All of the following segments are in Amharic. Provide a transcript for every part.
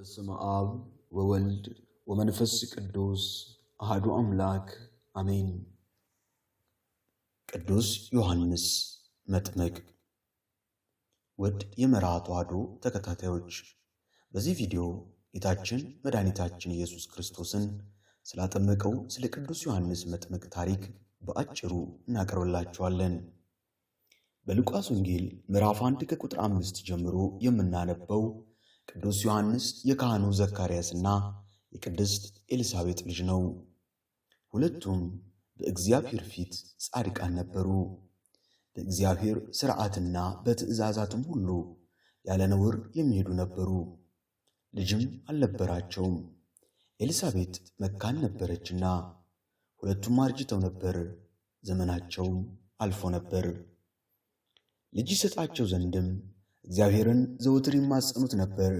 በስመ አብ ወወልድ ወመንፈስ ቅዱስ አህዱ አምላክ አሜን። ቅዱስ ዮሐንስ መጥምቅ። ውድ የመርሃ ተዋህዶ ተከታታዮች በዚህ ቪዲዮ ጌታችን መድኃኒታችን ኢየሱስ ክርስቶስን ስላጠመቀው ስለ ቅዱስ ዮሐንስ መጥምቅ ታሪክ በአጭሩ እናቀርብላችኋለን። በሉቃስ ወንጌል ምዕራፍ 1 ከቁጥር 5 ጀምሮ የምናነበው ቅዱስ ዮሐንስ የካህኑ ዘካርያስና የቅድስት ኤልሳቤጥ ልጅ ነው። ሁለቱም በእግዚአብሔር ፊት ጻድቃን ነበሩ። በእግዚአብሔር ሥርዓትና በትእዛዛትም ሁሉ ያለ ነውር የሚሄዱ ነበሩ። ልጅም አልነበራቸውም። ኤልሳቤጥ መካን ነበረችና ሁለቱም አርጅተው ነበር፣ ዘመናቸውም አልፎ ነበር። ልጅ ይሰጣቸው ዘንድም እግዚአብሔርን ዘወትር ይማጸኑት ነበር።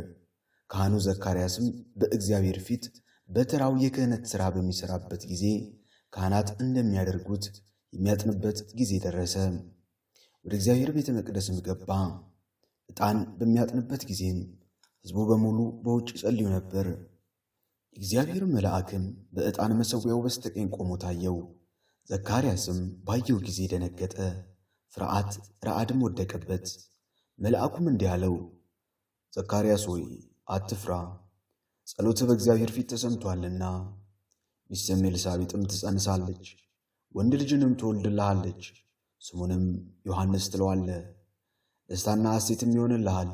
ካህኑ ዘካርያስም በእግዚአብሔር ፊት በተራው የክህነት ሥራ በሚሠራበት ጊዜ ካህናት እንደሚያደርጉት የሚያጥንበት ጊዜ ደረሰ። ወደ እግዚአብሔር ቤተ መቅደስም ገባ። ዕጣን በሚያጥንበት ጊዜም ሕዝቡ በሙሉ በውጭ ጸልዩ ነበር። እግዚአብሔር መልአክም በዕጣን መሠዊያው በስተቀኝ ቆሞ ታየው። ዘካርያስም ባየው ጊዜ ደነገጠ፣ ፍርሃት ረአድም ወደቀበት። መልአኩም እንዲህ አለው፣ ዘካርያስ ሆይ አትፍራ፣ ጸሎት በእግዚአብሔር ፊት ተሰምቷልና። ሚስትህም ኤልሳቤጥም ትጸንሳለች፣ ወንድ ልጅንም ትወልድልሃለች፣ ስሙንም ዮሐንስ ትለዋለ። ደስታና ሐሴትም ይሆንልሃል፣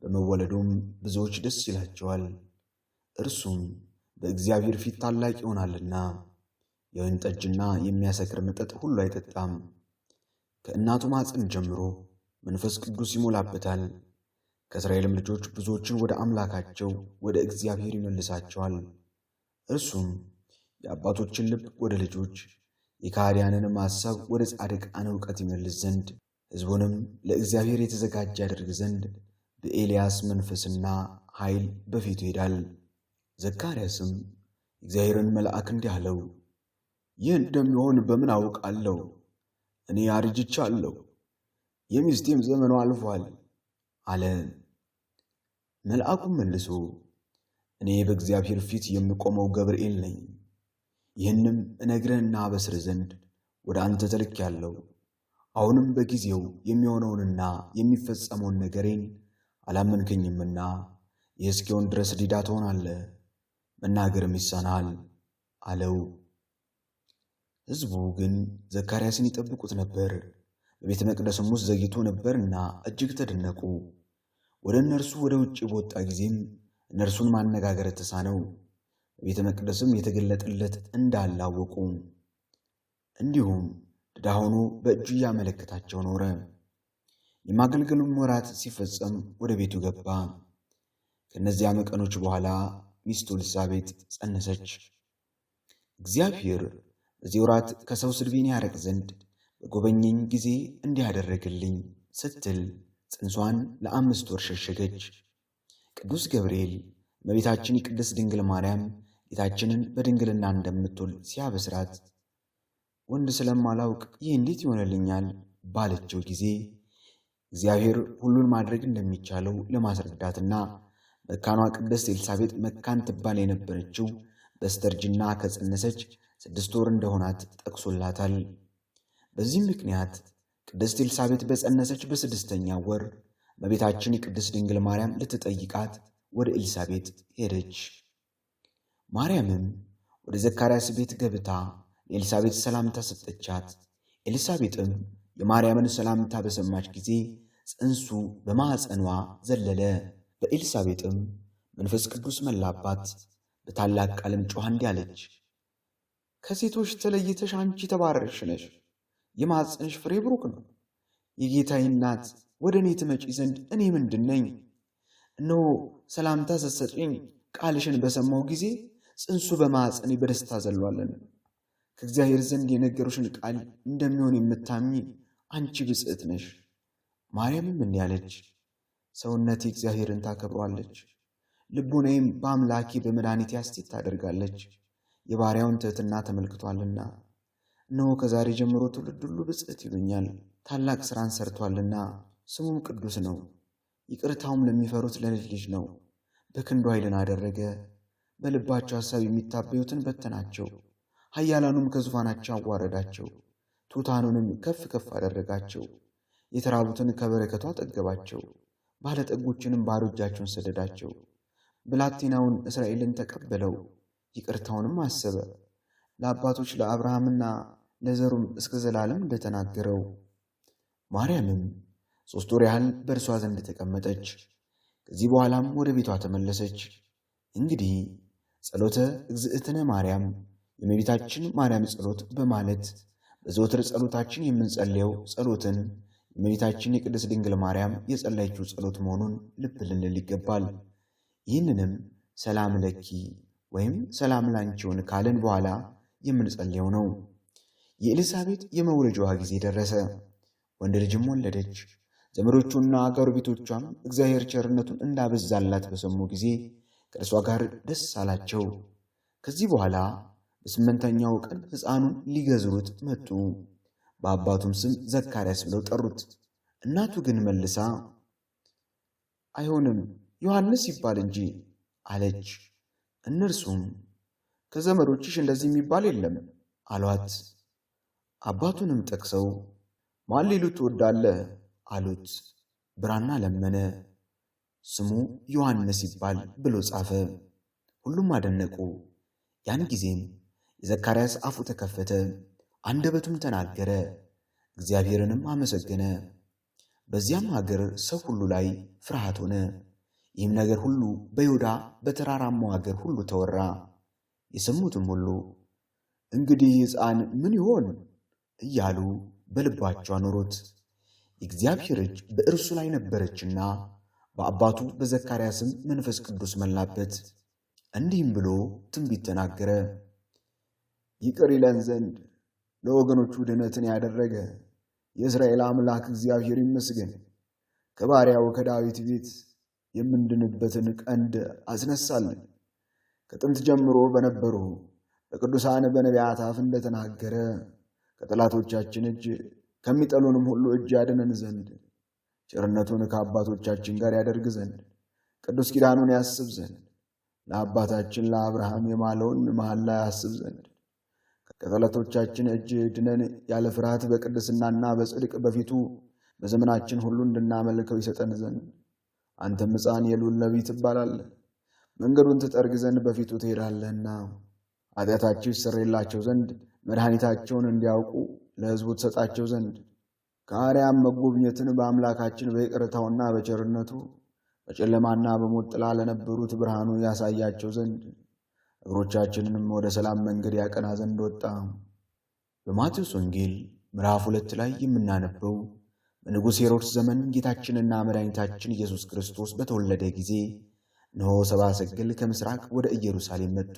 በመወለዱም ብዙዎች ደስ ይላቸዋል። እርሱም በእግዚአብሔር ፊት ታላቅ ይሆናልና የወይን ጠጅና የሚያሰክር መጠጥ ሁሉ አይጠጣም። ከእናቱ ማኅፀን ጀምሮ መንፈስ ቅዱስ ይሞላበታል። ከእስራኤልም ልጆች ብዙዎችን ወደ አምላካቸው ወደ እግዚአብሔር ይመልሳቸዋል። እርሱም የአባቶችን ልብ ወደ ልጆች የካህዲያንንም ሐሳብ ወደ ጻድቃን እውቀት ይመልስ ዘንድ ሕዝቡንም ለእግዚአብሔር የተዘጋጀ ያደርግ ዘንድ በኤልያስ መንፈስና ኃይል በፊቱ ይሄዳል። ዘካርያስም እግዚአብሔርን መልአክ እንዲህ አለው፣ ይህ እንደሚሆን በምን አውቃለሁ? እኔ አርጅቻለሁ፣ የሚስቴም ዘመኑ አልፏል አለ። መልአኩም መልሶ እኔ በእግዚአብሔር ፊት የምቆመው ገብርኤል ነኝ። ይህንም እነግርህና በስር ዘንድ ወደ አንተ ተልክ ያለው አሁንም በጊዜው የሚሆነውንና የሚፈጸመውን ነገሬን አላመንከኝምና ይህ ድረስ ዲዳ ትሆናለህ፣ መናገርም ይሳናል አለው። ሕዝቡ ግን ዘካርያስን ይጠብቁት ነበር። በቤተ መቅደስም ውስጥ ዘግይቶ ነበርና እጅግ ተደነቁ። ወደ እነርሱ ወደ ውጭ በወጣ ጊዜም እነርሱን ማነጋገር ተሳነው። በቤተ መቅደስም የተገለጠለት እንዳላወቁ እንዲሁም ድዳ ሆኖ በእጁ እያመለከታቸው ኖረ። የማገልገሉም ወራት ሲፈጸም ወደ ቤቱ ገባ። ከእነዚያም ቀኖች በኋላ ሚስቱ ኤልሳቤጥ ጸነሰች። እግዚአብሔር በዚህ ወራት ከሰው ስድቤን ያረቅ ዘንድ በጎበኘኝ ጊዜ እንዲያደረግልኝ ስትል ጽንሷን ለአምስት ወር ሸሸገች። ቅዱስ ገብርኤል እመቤታችን የቅድስት ድንግል ማርያም ጌታችንን በድንግልና እንደምትወልድ ሲያበስራት ወንድ ስለማላውቅ ይህ እንዴት ይሆነልኛል ባለችው ጊዜ እግዚአብሔር ሁሉን ማድረግ እንደሚቻለው ለማስረዳትና መካኗ ቅድስት ኤልሳቤጥ መካን ትባል የነበረችው በስተርጅና ከጸነሰች ስድስት ወር እንደሆናት ጠቅሶላታል። በዚህም ምክንያት ቅድስት ኤልሳቤት በጸነሰች በስድስተኛ ወር እመቤታችን የቅድስት ድንግል ማርያም ልትጠይቃት ወደ ኤልሳቤት ሄደች። ማርያምም ወደ ዘካርያስ ቤት ገብታ ለኤልሳቤጥ ሰላምታ ሰጠቻት። ኤልሳቤጥም የማርያምን ሰላምታ በሰማች ጊዜ ጽንሱ በማኅፀኗ ዘለለ። በኤልሳቤጥም መንፈስ ቅዱስ መላባት፣ በታላቅ ቃልም ጮኻ እንዲህ አለች፦ ከሴቶች ተለይተሽ አንቺ የተባረክሽ ነሽ የማፀንሽ ፍሬ ብሩክ ነው። የጌታዬ እናት ወደ እኔ ትመጪ ዘንድ እኔ ምንድን ነኝ? እነሆ ሰላምታ ስትሰጪኝ ቃልሽን በሰማው ጊዜ ጽንሱ በማፀኔ በደስታ ዘሏለን። ከእግዚአብሔር ዘንድ የነገሩሽን ቃል እንደሚሆን የምታምኚ አንቺ ብፅዕት ነሽ። ማርያምም እንዲህ አለች፣ ሰውነቴ እግዚአብሔርን ታከብሯለች፣ ልቡናዬም በአምላኬ በመድኃኒቴ ሐሴት ታደርጋለች፣ የባሪያውን ትሕትና ተመልክቷልና። እነሆ ከዛሬ ጀምሮ ትውልድ ሁሉ ብጽት ይሉኛል፣ ታላቅ ሥራን ሰርቷልና ስሙም ቅዱስ ነው። ይቅርታውም ለሚፈሩት ለልጅ ልጅ ነው። በክንዱ ኃይልን አደረገ፣ በልባቸው ሐሳብ የሚታበዩትን በተናቸው። ኃያላኑም ከዙፋናቸው አዋረዳቸው፣ ትሑታኑንም ከፍ ከፍ አደረጋቸው። የተራቡትን ከበረከቱ አጠገባቸው፣ ባለጠጎችንም ባዶ እጃቸውን ሰደዳቸው። ብላቴናውን እስራኤልን ተቀበለው፣ ይቅርታውንም አሰበ ለአባቶች ለአብርሃምና ለዘሩም እስከ ዘላለም እንደተናገረው። ማርያምም ሦስት ወር ያህል በእርሷ ዘንድ ተቀመጠች። ከዚህ በኋላም ወደ ቤቷ ተመለሰች። እንግዲህ ጸሎተ እግዝእትነ ማርያም የእመቤታችን ማርያም ጸሎት በማለት በዘወትር ጸሎታችን የምንጸልየው ጸሎትን የእመቤታችን የቅድስት ድንግል ማርያም የጸለየችው ጸሎት መሆኑን ልብ ልንል ይገባል። ይህንንም ሰላም ለኪ ወይም ሰላም ላንቺውን ካልን በኋላ የምንጸልየው ነው። የኤልሳቤጥ የመውለጃዋ ጊዜ ደረሰ። ወንድ ልጅም ወለደች። ዘመዶቹና ቤቶቿም እግዚአብሔር ቸርነቱን እንዳበዛላት በሰሙ ጊዜ ከእርሷ ጋር ደስ አላቸው። ከዚህ በኋላ በስምንተኛው ቀን ሕፃኑን ሊገዝሩት መጡ። በአባቱም ስም ዘካርያስ ብለው ጠሩት። እናቱ ግን መልሳ አይሆንም ዮሐንስ ይባል እንጂ አለች። እነርሱም ከዘመዶችሽ እንደዚህ የሚባል የለም አሏት። አባቱንም ጠቅሰው ማን ሌሉ ትወዳለህ አሉት። ብራና ለመነ፣ ስሙ ዮሐንስ ይባል ብሎ ጻፈ። ሁሉም አደነቁ። ያን ጊዜም የዘካርያስ አፉ ተከፈተ፣ አንደበቱም ተናገረ፣ እግዚአብሔርንም አመሰገነ። በዚያም ሀገር ሰው ሁሉ ላይ ፍርሃት ሆነ። ይህም ነገር ሁሉ በይሁዳ በተራራማው ሀገር ሁሉ ተወራ። የሰሙትም ሁሉ እንግዲህ ሕፃን ምን ይሆን እያሉ በልባቸው አኖሩት። የእግዚአብሔር እጅ በእርሱ ላይ ነበረችና በአባቱ በዘካርያስም መንፈስ ቅዱስ መላበት። እንዲህም ብሎ ትንቢት ተናገረ። ይቅር ይለን ዘንድ ለወገኖቹ ድህነትን ያደረገ የእስራኤል አምላክ እግዚአብሔር ይመስገን። ከባሪያው ከዳዊት ቤት የምንድንበትን ቀንድ አስነሳለን። ከጥንት ጀምሮ በነበሩ በቅዱሳን በነቢያት አፍ እንደተናገረ ከጠላቶቻችን እጅ ከሚጠሉንም ሁሉ እጅ ያድነን ዘንድ ቸርነቱን ከአባቶቻችን ጋር ያደርግ ዘንድ ቅዱስ ኪዳኑን ያስብ ዘንድ ለአባታችን ለአብርሃም የማለውን መሐላ ያስብ ዘንድ ከጠላቶቻችን እጅ ድነን ያለ ፍርሃት በቅድስናና በጽድቅ በፊቱ በዘመናችን ሁሉ እንድናመልከው ይሰጠን ዘንድ አንተም ሕፃን የልዑል ነቢይ ትባላለህ። መንገዱን ትጠርግ ዘንድ በፊቱ ትሄዳለህና ኃጢአታቸው ይሰረይላቸው ዘንድ መድኃኒታቸውን እንዲያውቁ ለሕዝቡ ትሰጣቸው ዘንድ ከአርያም መጎብኘትን በአምላካችን በይቅርታውና በቸርነቱ በጨለማና በሞት ጥላ ለነበሩት ብርሃኑ ያሳያቸው ዘንድ እግሮቻችንንም ወደ ሰላም መንገድ ያቀና ዘንድ ወጣ። በማቴዎስ ወንጌል ምዕራፍ ሁለት ላይ የምናነበው በንጉሥ ሄሮድስ ዘመን ጌታችንና መድኃኒታችን ኢየሱስ ክርስቶስ በተወለደ ጊዜ እነሆ ሰብአ ሰገል ከምሥራቅ ወደ ኢየሩሳሌም መጡ።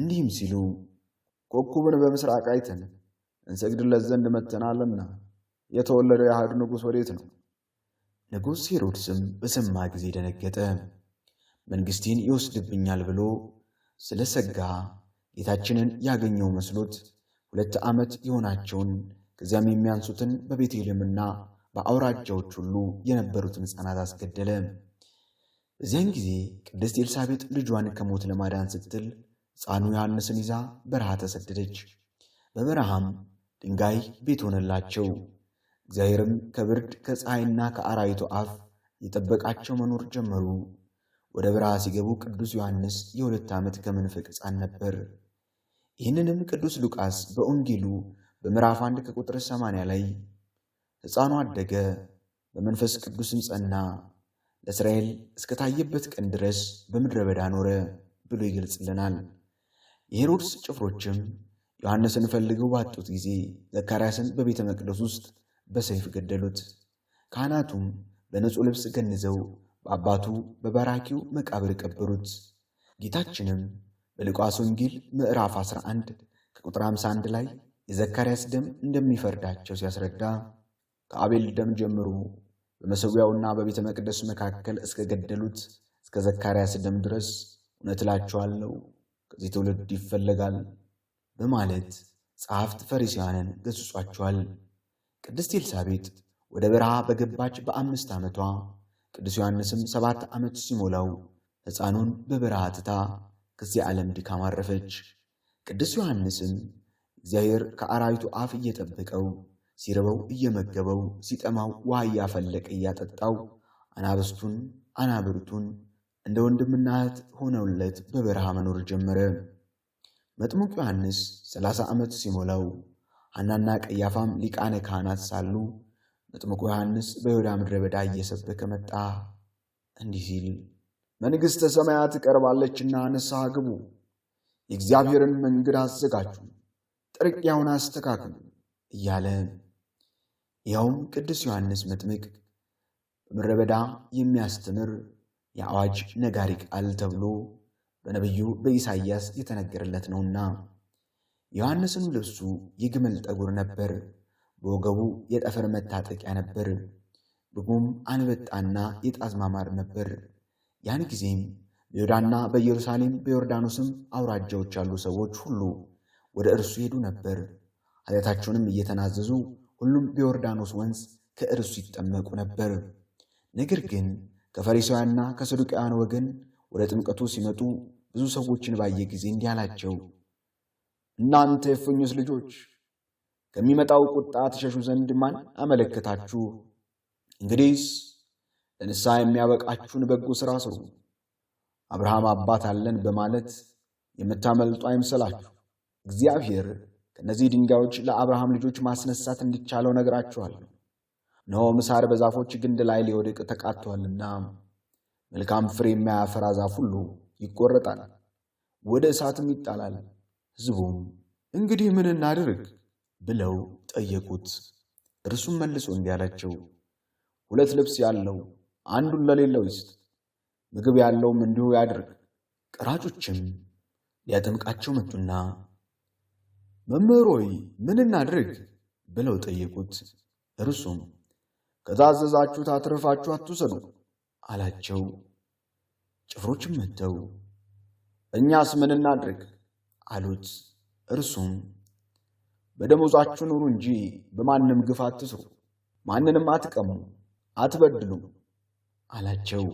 እንዲህም ሲሉ ኮከቡን በምስራቅ አይተን እንሰግድለት ዘንድ መተናልና የተወለደው የአይሁድ ንጉሥ ወዴት ነው? ንጉሥ ሄሮድስም በሰማ ጊዜ ደነገጠ፣ መንግሥቴን ይወስድብኛል ብሎ ስለሰጋ ጌታችንን ያገኘው መስሎት ሁለት ዓመት የሆናቸውን ከዚያም የሚያንሱትን በቤተልሔምና በአውራጃዎች ሁሉ የነበሩትን ሕፃናት አስገደለ። በዚያን ጊዜ ቅድስት ኤልሳቤጥ ልጇን ከሞት ለማዳን ስትል ሕፃኑ ዮሐንስን ይዛ በረሃ ተሰደደች። በበረሃም ድንጋይ ቤት ሆነላቸው። እግዚአብሔርም ከብርድ ከፀሐይና ከአራዊቱ አፍ የጠበቃቸው መኖር ጀመሩ። ወደ በረሃ ሲገቡ ቅዱስ ዮሐንስ የሁለት ዓመት ከመንፈቅ ሕፃን ነበር። ይህንንም ቅዱስ ሉቃስ በወንጌሉ በምዕራፍ አንድ ከቁጥር ሰማንያ ላይ ሕፃኑ አደገ በመንፈስ ቅዱስም ጸና ለእስራኤል እስከታየበት ቀን ድረስ በምድረ በዳ ኖረ ብሎ ይገልጽልናል። የሄሮድስ ጭፍሮችም ዮሐንስን ፈልገው ባጡት ጊዜ ዘካርያስን በቤተ መቅደስ ውስጥ በሰይፍ ገደሉት። ካህናቱም በንጹሕ ልብስ ገንዘው በአባቱ በበራኪው መቃብር ቀበሩት። ጌታችንም በሉቃስ ወንጌል ምዕራፍ 11 ከቁጥር 51 ላይ የዘካርያስ ደም እንደሚፈርዳቸው ሲያስረዳ ከአቤል ደም ጀምሮ በመሠዊያውና በቤተ መቅደስ መካከል እስከ ገደሉት እስከ ዘካርያስ ደም ድረስ እውነት እላችኋለሁ ከዚህ ትውልድ ይፈለጋል በማለት ጸሐፍት ፈሪሳውያንን ገሥጿቸዋል። ቅድስት ኤልሳቤጥ ወደ በረሃ በገባች በአምስት ዓመቷ ቅዱስ ዮሐንስም ሰባት ዓመት ሲሞላው ሕፃኑን በበረሃ ትታ ከዚህ ዓለም ድካም አረፈች። ቅዱስ ዮሐንስም እግዚአብሔር ከአራዊቱ አፍ እየጠበቀው ሲርበው እየመገበው ሲጠማው ውሃ እያፈለቀ እያጠጣው አናብስቱን አናብርቱን እንደ ወንድምና እህት ሆነውለት በበረሃ መኖር ጀመረ። መጥምቅ ዮሐንስ ሰላሳ ዓመት ሲሞላው ሐናና ቀያፋም ሊቃነ ካህናት ሳሉ መጥምቁ ዮሐንስ በይሁዳ ምድረ በዳ እየሰበከ መጣ፣ እንዲህ ሲል መንግሥተ ሰማያት ቀርባለችና ንስሐ ግቡ፣ የእግዚአብሔርን መንገድ አዘጋጁ፣ ጥርቅያውን አስተካክሉ እያለ ያውም ቅዱስ ዮሐንስ መጥምቅ በምድረ በዳ የሚያስተምር የአዋጅ ነጋሪ ቃል ተብሎ በነቢዩ በኢሳይያስ የተነገረለት ነውና። ዮሐንስም ልብሱ የግመል ጠጉር ነበር፣ በወገቡ የጠፈር መታጠቂያ ነበር፣ ብጉም አንበጣና የጣዝማማር ነበር። ያን ጊዜም በይሁዳና በኢየሩሳሌም በዮርዳኖስም አውራጃዎች ያሉ ሰዎች ሁሉ ወደ እርሱ ይሄዱ ነበር፣ ኃጢአታቸውንም እየተናዘዙ ሁሉም በዮርዳኖስ ወንዝ ከእርሱ ይጠመቁ ነበር። ነገር ግን ከፈሪሳውያንና ከሰዱቃውያን ወገን ወደ ጥምቀቱ ሲመጡ ብዙ ሰዎችን ባየ ጊዜ እንዲህ አላቸው፣ እናንተ የእፉኝት ልጆች ከሚመጣው ቁጣ ትሸሹ ዘንድ ማን አመለከታችሁ? እንግዲህስ ለንስሐ የሚያበቃችሁን በጎ ሥራ ስሩ። አብርሃም አባት አለን በማለት የምታመልጡ አይምሰላችሁ። እግዚአብሔር ከእነዚህ ድንጋዮች ለአብርሃም ልጆች ማስነሳት እንዲቻለው ነግራችኋለሁ። እነሆ ምሳር በዛፎች ግንድ ላይ ሊወድቅ ተቃጥቷልና መልካም ፍሬ የማያፈራ ዛፍ ሁሉ ይቆረጣል፣ ወደ እሳትም ይጣላል። ሕዝቡም እንግዲህ ምን እናድርግ ብለው ጠየቁት። እርሱም መልሶ እንዲህ አላቸው፣ ሁለት ልብስ ያለው አንዱን ለሌለው ይስጥ፣ ምግብ ያለውም እንዲሁ ያድርግ። ቀራጮችም ሊያጠምቃቸው መጡና መምህር ሆይ ምን እናድርግ ብለው ጠየቁት። እርሱም ከታዘዛችሁት አትርፋችሁ አትውሰዱ አላቸው። ጭፍሮችም መጥተው እኛስ ምን እናድርግ አሉት። እርሱም በደሞዛችሁ ኑሩ እንጂ በማንም ግፍ አትስሩ፣ ማንንም አትቀሙ፣ አትበድሉም አላቸው።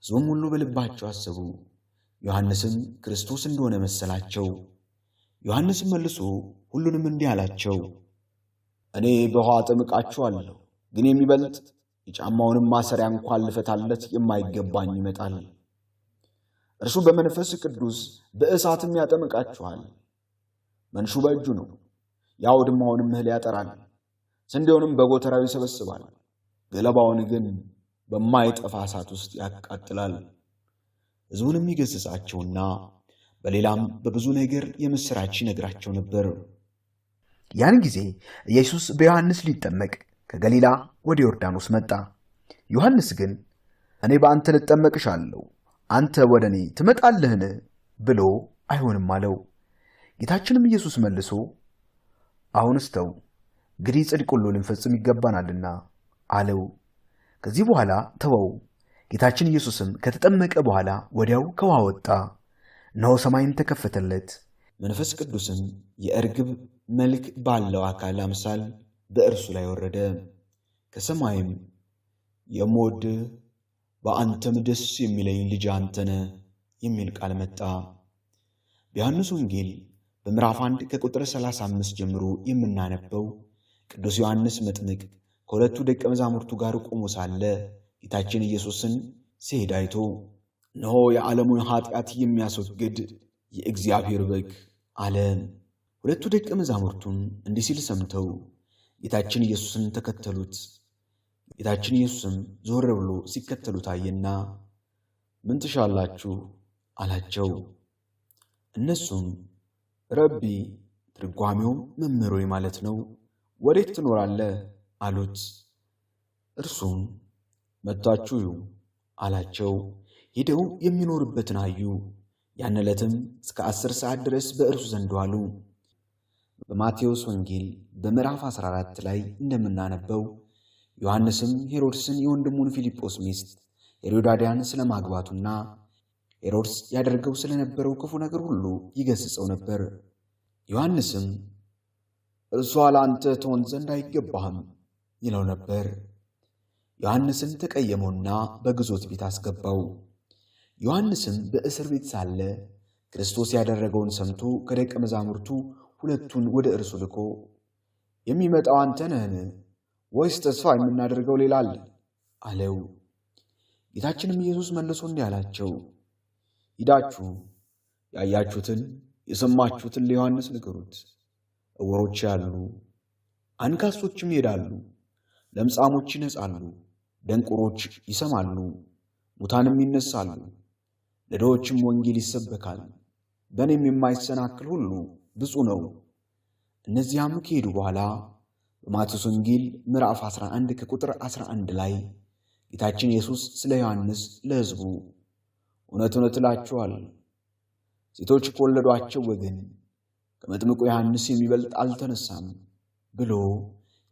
ሕዝቡም ሁሉ በልባቸው አሰቡ፣ ዮሐንስም ክርስቶስ እንደሆነ መሰላቸው። ዮሐንስም መልሶ ሁሉንም እንዲህ አላቸው፣ እኔ በውኃ አጠምቃችኋለሁ ግን የሚበልጥ የጫማውንም ማሰሪያ እንኳን ልፈታለት የማይገባኝ ይመጣል። እርሱ በመንፈስ ቅዱስ በእሳትም ያጠምቃችኋል። መንሹ በእጁ ነው፣ የአውድማውንም እህል ያጠራል፣ ስንዴውንም በጎተራው ይሰበስባል፣ ገለባውን ግን በማይጠፋ እሳት ውስጥ ያቃጥላል። ሕዝቡንም ይገሥጻቸውና በሌላም በብዙ ነገር የምሥራች ይነግራቸው ነበር። ያን ጊዜ ኢየሱስ በዮሐንስ ሊጠመቅ ከገሊላ ወደ ዮርዳኖስ መጣ። ዮሐንስ ግን እኔ በአንተ ልጠመቅሻለሁ፣ አንተ ወደ እኔ ትመጣለህን ብሎ አይሆንም አለው። ጌታችንም ኢየሱስ መልሶ አሁንስ ተው፣ እንግዲህ ጽድቅ ሁሉ ልንፈጽም ይገባናልና አለው። ከዚህ በኋላ ተወው። ጌታችን ኢየሱስም ከተጠመቀ በኋላ ወዲያው ከውሃ ወጣ። እነሆ ሰማይም ተከፈተለት፣ መንፈስ ቅዱስም የእርግብ መልክ ባለው አካል አምሳል በእርሱ ላይ ወረደ። ከሰማይም የሞድ በአንተም ደስ የሚለኝ ልጅ አንተነ የሚል ቃል መጣ። በዮሐንስ ወንጌል በምዕራፍ 1 ከቁጥር 35 ጀምሮ የምናነበው ቅዱስ ዮሐንስ መጥምቅ ከሁለቱ ደቀ መዛሙርቱ ጋር ቆሞ ሳለ ጌታችን ኢየሱስን ሲሄድ አይቶ እነሆ የዓለሙን ኃጢአት የሚያስወግድ የእግዚአብሔር በግ አለ። ሁለቱ ደቀ መዛሙርቱን እንዲህ ሲል ሰምተው ጌታችን ኢየሱስን ተከተሉት። ጌታችን ኢየሱስም ዞር ብሎ ሲከተሉት አየና ምን ትሻላችሁ አላቸው። እነሱም ረቢ ትርጓሜውም መምህር ማለት ነው፣ ወዴት ትኖራለህ አሉት። እርሱም መጥታችሁ አላቸው። ሄደው የሚኖርበትን አዩ። ያን ዕለትም እስከ አስር ሰዓት ድረስ በእርሱ ዘንድ ዋሉ። በማቴዎስ ወንጌል በምዕራፍ 14 ላይ እንደምናነበው ዮሐንስም ሄሮድስን የወንድሙን ፊልጶስ ሚስት ሄሮዳዲያን ስለማግባቱና ሄሮድስ ያደርገው ስለነበረው ክፉ ነገር ሁሉ ይገስጸው ነበር። ዮሐንስም እርሷ ለአንተ ትሆን ዘንድ አይገባህም ይለው ነበር። ዮሐንስን ተቀየመውና በግዞት ቤት አስገባው። ዮሐንስም በእስር ቤት ሳለ ክርስቶስ ያደረገውን ሰምቶ ከደቀ መዛሙርቱ ሁለቱን ወደ እርሱ ልኮ የሚመጣው አንተ ነህን ወይስ ተስፋ የምናደርገው ሌላ አለ አለው። ጌታችንም ኢየሱስ መልሶ እንዲህ አላቸው፣ ሂዳችሁ ያያችሁትን የሰማችሁትን ለዮሐንስ ንገሩት። እውሮች ያሉ አንካሶችም ይሄዳሉ፣ ለምጻሞች ይነጻሉ፣ ደንቁሮች ይሰማሉ፣ ሙታንም ይነሳሉ፣ ለድሆችም ወንጌል ይሰበካል። በእኔም የማይሰናክል ሁሉ ብፁ ነው። እነዚያም ከሄዱ በኋላ በማቴዎስ ወንጌል ምዕራፍ 11 ከቁጥር 11 ላይ ጌታችን ኢየሱስ ስለ ዮሐንስ ለሕዝቡ እውነት እውነት እላችኋል ሴቶች ከወለዷቸው ወገን ከመጥምቁ ዮሐንስ የሚበልጥ አልተነሳም ብሎ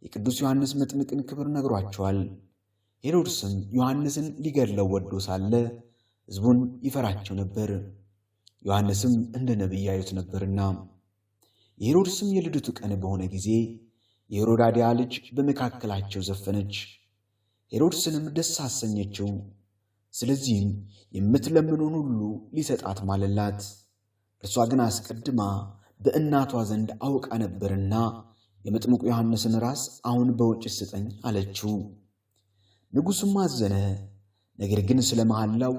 የቅዱስ ዮሐንስ መጥምቅን ክብር ነግሯቸዋል። ሄሮድስም ዮሐንስን ሊገድለው ወዶ ሳለ ሕዝቡን ይፈራቸው ነበር፣ ዮሐንስም እንደ ነቢይ ያዩት ነበርና የሄሮድስም የልደቱ ቀን በሆነ ጊዜ የሄሮዳዲያ ልጅ በመካከላቸው ዘፈነች፣ ሄሮድስንም ደስ አሰኘችው። ስለዚህም የምትለምኑን ሁሉ ሊሰጣት ማለላት። እርሷ ግን አስቀድማ በእናቷ ዘንድ አውቃ ነበርና የመጥምቁ ዮሐንስን ራስ አሁን በውጭ ስጠኝ አለችው። ንጉሡም አዘነ። ነገር ግን ስለ መሐላው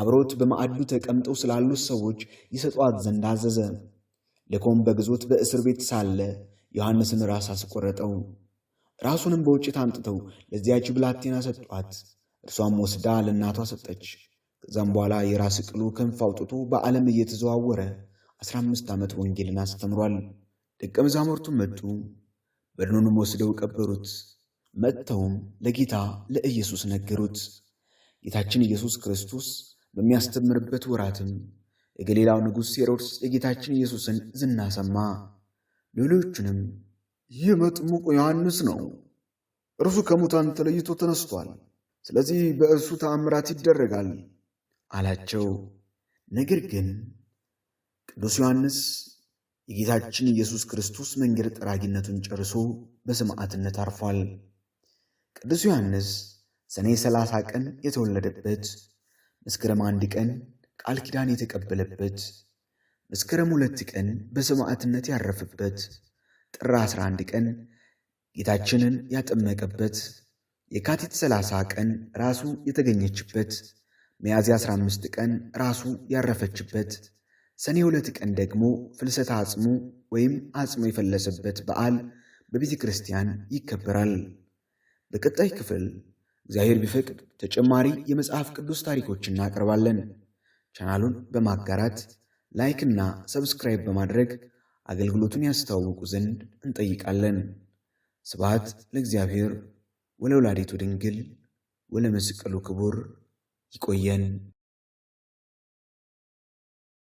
አብረውት በማዕዱ ተቀምጠው ስላሉት ሰዎች ይሰጧት ዘንድ አዘዘ። ልኮም በግዞት በእስር ቤት ሳለ ዮሐንስን ራስ አስቆረጠው። ራሱንም በውጭ ታምጥተው ለዚያች ብላቴና ሰጧት። እርሷም ወስዳ ለእናቷ ሰጠች። ከዛም በኋላ የራስ ቅሉ ክንፍ አውጥቶ በዓለም እየተዘዋወረ አስራ ዓመት ወንጌልን አስተምሯል። ደቀ መዛሙርቱም መጡ፣ በድኑንም ወስደው ቀበሩት። መጥተውም ለጌታ ለኢየሱስ ነገሩት። ጌታችን ኢየሱስ ክርስቶስ በሚያስተምርበት ወራትም የገሊላው ንጉሥ ሄሮድስ የጌታችን ኢየሱስን ዝና ሰማ። ሌሎቹንም ይህ መጥምቁ ዮሐንስ ነው፣ እርሱ ከሙታን ተለይቶ ተነስቷል፣ ስለዚህ በእርሱ ተአምራት ይደረጋል አላቸው። ነገር ግን ቅዱስ ዮሐንስ የጌታችን ኢየሱስ ክርስቶስ መንገድ ጠራጊነቱን ጨርሶ በሰማዕትነት አርፏል። ቅዱስ ዮሐንስ ሰኔ 30 ቀን የተወለደበት መስከረም አንድ ቀን ቃል ኪዳን የተቀበለበት መስከረም ሁለት ቀን በሰማዕትነት ያረፈበት ጥር 11 ቀን ጌታችንን ያጠመቀበት የካቲት 30 ቀን ራሱ የተገኘችበት ሚያዝያ 15 ቀን ራሱ ያረፈችበት ሰኔ ሁለት ቀን ደግሞ ፍልሰተ አጽሙ ወይም አጽሙ የፈለሰበት በዓል በቤተ ክርስቲያን ይከበራል። በቀጣይ ክፍል እግዚአብሔር ቢፈቅድ ተጨማሪ የመጽሐፍ ቅዱስ ታሪኮችን እናቀርባለን። ቻናሉን በማጋራት ላይክ እና ሰብስክራይብ በማድረግ አገልግሎቱን ያስተዋውቁ ዘንድ እንጠይቃለን። ስብሐት ለእግዚአብሔር ወለወላዲቱ ድንግል ወለመስቀሉ ክቡር። ይቆየን።